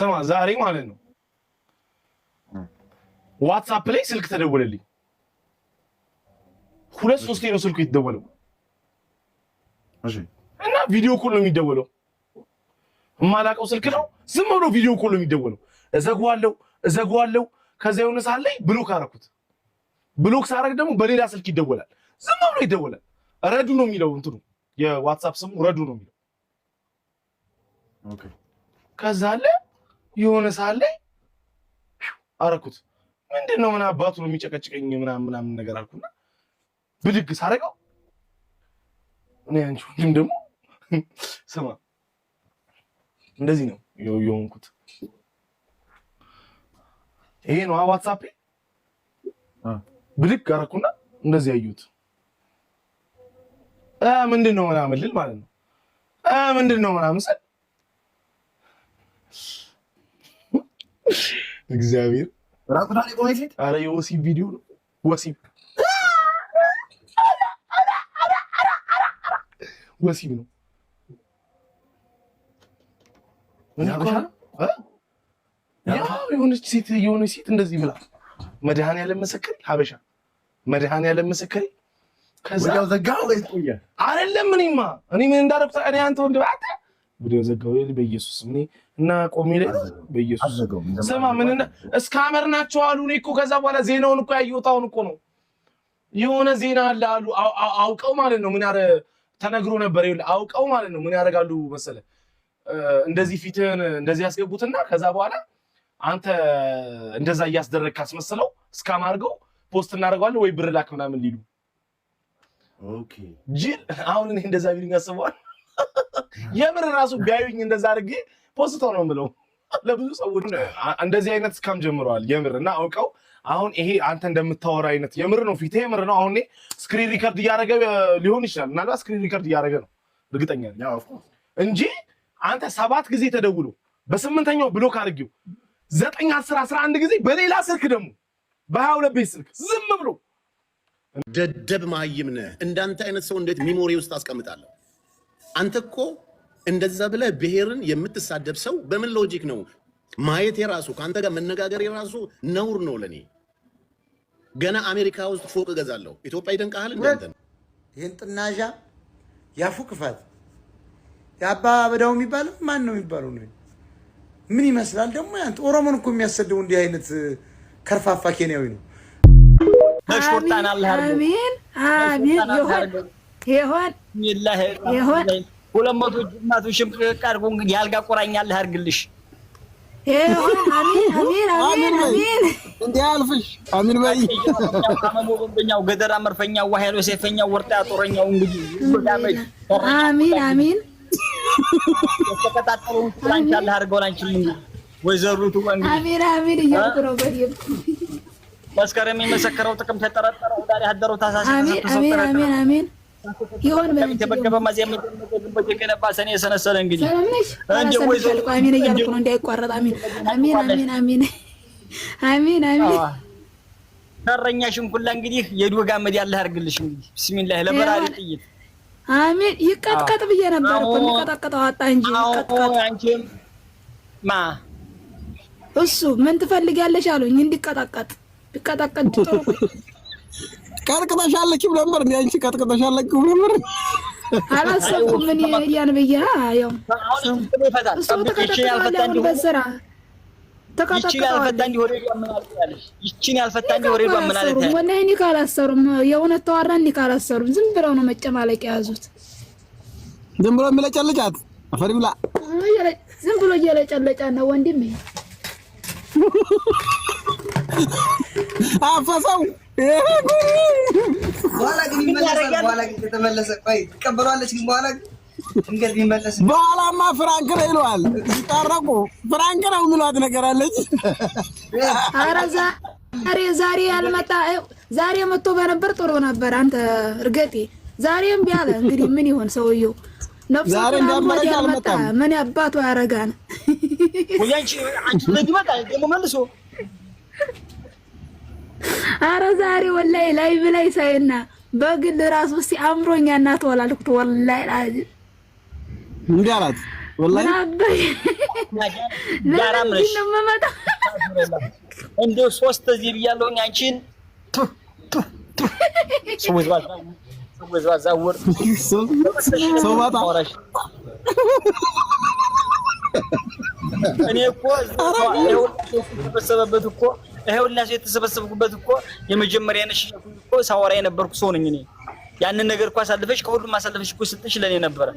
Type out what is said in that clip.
ስማ ዛሬ ማለት ነው ዋትሳፕ ላይ ስልክ ተደወለልኝ። ሁለት ሶስቴ ነው ስልኩ የተደወለው እና ቪዲዮ ኮል ነው የሚደወለው። የማላውቀው ስልክ ነው። ዝም ብሎ ቪዲዮ ኮል ነው የሚደወለው። እዘግዋለሁ እዘግዋለሁ። ከዛ የሆነ ሰዓት ላይ ብሎክ አደረኩት። ብሎክ ሳደርግ ደግሞ በሌላ ስልክ ይደወላል። ዝም ብሎ ይደወላል። ረዱ ነው የሚለው እንትኑ የዋትሳፕ ስሙ ረዱ ነው የሚለው ከዛ አለ የሆነ ሰዓት ላይ አረኩት። ምንድን ነው ምን አባቱ ነው የሚጨቀጭቀኝ ምናምን ምናምን ነገር አልኩና ብድግ ሳደርገው እኔ አንቺ ወንድም ደግሞ ስማ እንደዚህ ነው የሆንኩት። ይሄ ነው ዋትሳፕ። ብድግ አረኩና እንደዚህ ያዩት ምንድን ነው ምናምን ልል ማለት ነው ምንድን ነው ምናምን ስል እግዚአብሔር ኧረ የወሲብ ቪዲዮ ነው። ወሲብ ወሲብ ነው። የሆነች ሴት የሆነች ሴት እንደዚህ ብላ መድኃኒዓለም መሰከሪ ሀበሻ መድኃኒዓለም መሰከሪ ከዛ ዘጋ አይደለም እኔማ እኔ ምን እንዳረብሳ እኔ አንተ ወንድ ወዲያው ዘጋው ይል በኢየሱስ እኔ እና ቆሚ ላይ በኢየሱስ ስማ፣ ምን እስከ ናቸው አሉ። እኔ እኮ ከዛ በኋላ ዜናውን እኮ ያየሁት አሁን እኮ ነው። የሆነ ዜና አለ አሉ አውቀው ማለት ነው። ምን ያረ ተነግሮ ነበር ይል አውቀው ማለት ነው። ምን ያደርጋሉ መሰለ እንደዚህ ፊትህን እንደዚህ ያስገቡትና ከዛ በኋላ አንተ እንደዛ እያስደረግ ካስመስለው እስካም አድርገው ፖስት እናደርገዋለን ወይ ብር ላክ ምናምን ሊሉ ጅል። አሁን እኔ እንደዛ ቢሉኝ አስበዋል የምር ራሱ ቢያዩኝ እንደዛ አድርጌ ፖስተው ነው ምለው ለብዙ ሰዎች እንደዚህ አይነት እስካም ጀምረዋል። የምር እና አውቀው አሁን ይሄ አንተ እንደምታወራ አይነት የምር ነው፣ ፊት የምር ነው። አሁን ስክሪን ሪከርድ እያደረገ ሊሆን ይችላል። ምናልባት ስክሪን ሪከርድ እያደረገ ነው እርግጠኛ እንጂ አንተ ሰባት ጊዜ ተደውሎ በስምንተኛው ብሎክ አድርጌው ዘጠኝ አስር አስራ አንድ ጊዜ በሌላ ስልክ ደግሞ በሀያ ሁለት ቤት ስልክ ዝም ብሎ ደደብ ማይምነ እንዳንተ አይነት ሰው እንዴት ሚሞሪ ውስጥ አስቀምጣለሁ? አንተ እኮ እንደዛ ብለህ ብሔርን የምትሳደብ ሰው በምን ሎጂክ ነው? ማየት የራሱ ከአንተ ጋር መነጋገር የራሱ ነውር ነው ለእኔ። ገና አሜሪካ ውስጥ ፎቅ እገዛለሁ። ኢትዮጵያ ይደንቃሃል። እንደንተ ነው። ይህን ጥናዣ ያፉ ክፋት የአባ በዳው የሚባለው ማን ነው የሚባለው? ነው ምን ይመስላል ደግሞ? ያንተ ኦሮሞን እኮ የሚያሰድቡ እንዲህ አይነት ከርፋፋ ኬንያዊ ነው። አሜን አሜን ይሆን ሁለት መቶ ጅማቱን ሽምቅቅ አድርጎ የአልጋ ቁራኛለህ አድርግልሽ። እንዲህ አልፍሽ። አሚን በይ። ቦምበኛው ገደራ መርፈኛው ዋሄሎ ሴፈኛው ወርጣ ጦረኛው እንግዲህ አሚን አሚን። የተቀጣጠሩን ቁራኛለህ አድርገው ላንችልኝ ወይዘሩቱ አሚን አሚን እያልኩ ነው በደምብ መስከረም የመሰከረው ጥቅም ተጠረጠረው ዳሪ ሀደረው ታሳስ አሚን አሚን አሚን ይሆን የተመገበ ማዚያ ምግብ ሰኔ የሰነሰለ እንግዲህ አሚን እያልኩ ነው እንዳይቋረጥ። አሚን አሚን አሚን አሚን አሚን አሚን። እንግዲህ ያለ እንግዲህ ቢስሚላህ ለበራሪ ጥይት አሚን። ይቀጥቀጥ ብዬ ነበር እኮ አጣ እንጂ ይቀጥቀጥ። አንቺም ማ እሱ ምን ትፈልጊያለሽ አሉኝ እንዲቀጠቀጥ ቢቀጠቀጥ ጥሩ ቀጥቅጠሻለኪም ነበር እንዲ አንቺ ቀጥቅጠሻለኪም ነበር አላሰብኩም። ምን ያን ብያ ያው እሱ ያልፈታ እንዲ ወሬዷ ምን አለ ወላሂ እኔ ካላሰሩም የእውነት ተዋራ እኔ ካላሰሩም ዝም ብለው ነው መጨማለቅ የያዙት። ዝም ብሎ የሚለጨልጫት አፈሪ ብላ ዝም ብሎ እየለጨለጫ ነው ወንድም አፈሰው በኋላ በኋላማ ፍራንክ ነው ይለዋል። ሲታረቁ ፍራንክ ነው የሚሏት ነገር አለች። ኧረ ዛሬ ዛሬ ያልመጣ ዛሬ መጥቶ በነበር ጥሩ ነበር። አንተ እርገጤ ዛሬም ቢያለ እንግዲህ ምን ይሆን ሰውየው ነፍሱ ያልመጣ ምን አባቱ ያረጋን ወያንቺ አንቺ ደግሞ መልሶ አረ ዛሬ ወላይ ላይ ሳይና በግል ራሱ እስቲ አምሮኛ እናት ወላልኩት ወላይ ላዚ እንዴ ወላይ እንዶ ሶስት እዚህ ብያለሁኝ አንቺን እኔ እኮ እኮ ይኸውና ሰው የተሰበሰብኩበት እኮ የመጀመሪያ ነሽ እኮ ሳወራ የነበርኩ ሰው ነኝ እኔ። ያንን ነገር እኮ አሳልፈሽ ከሁሉም አሳልፈሽ እኮ ስጥሽ ለእኔ ነበረ